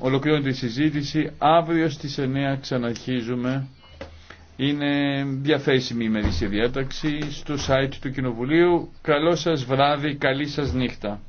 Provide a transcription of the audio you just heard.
Ολοκληρώνεται η συζήτηση. Αύριο στι 9 ξαναρχίζουμε. Είναι διαθέσιμη η ημερήσια διάταξη στο site του Κοινοβουλίου. Καλό σα βράδυ, καλή σα νύχτα.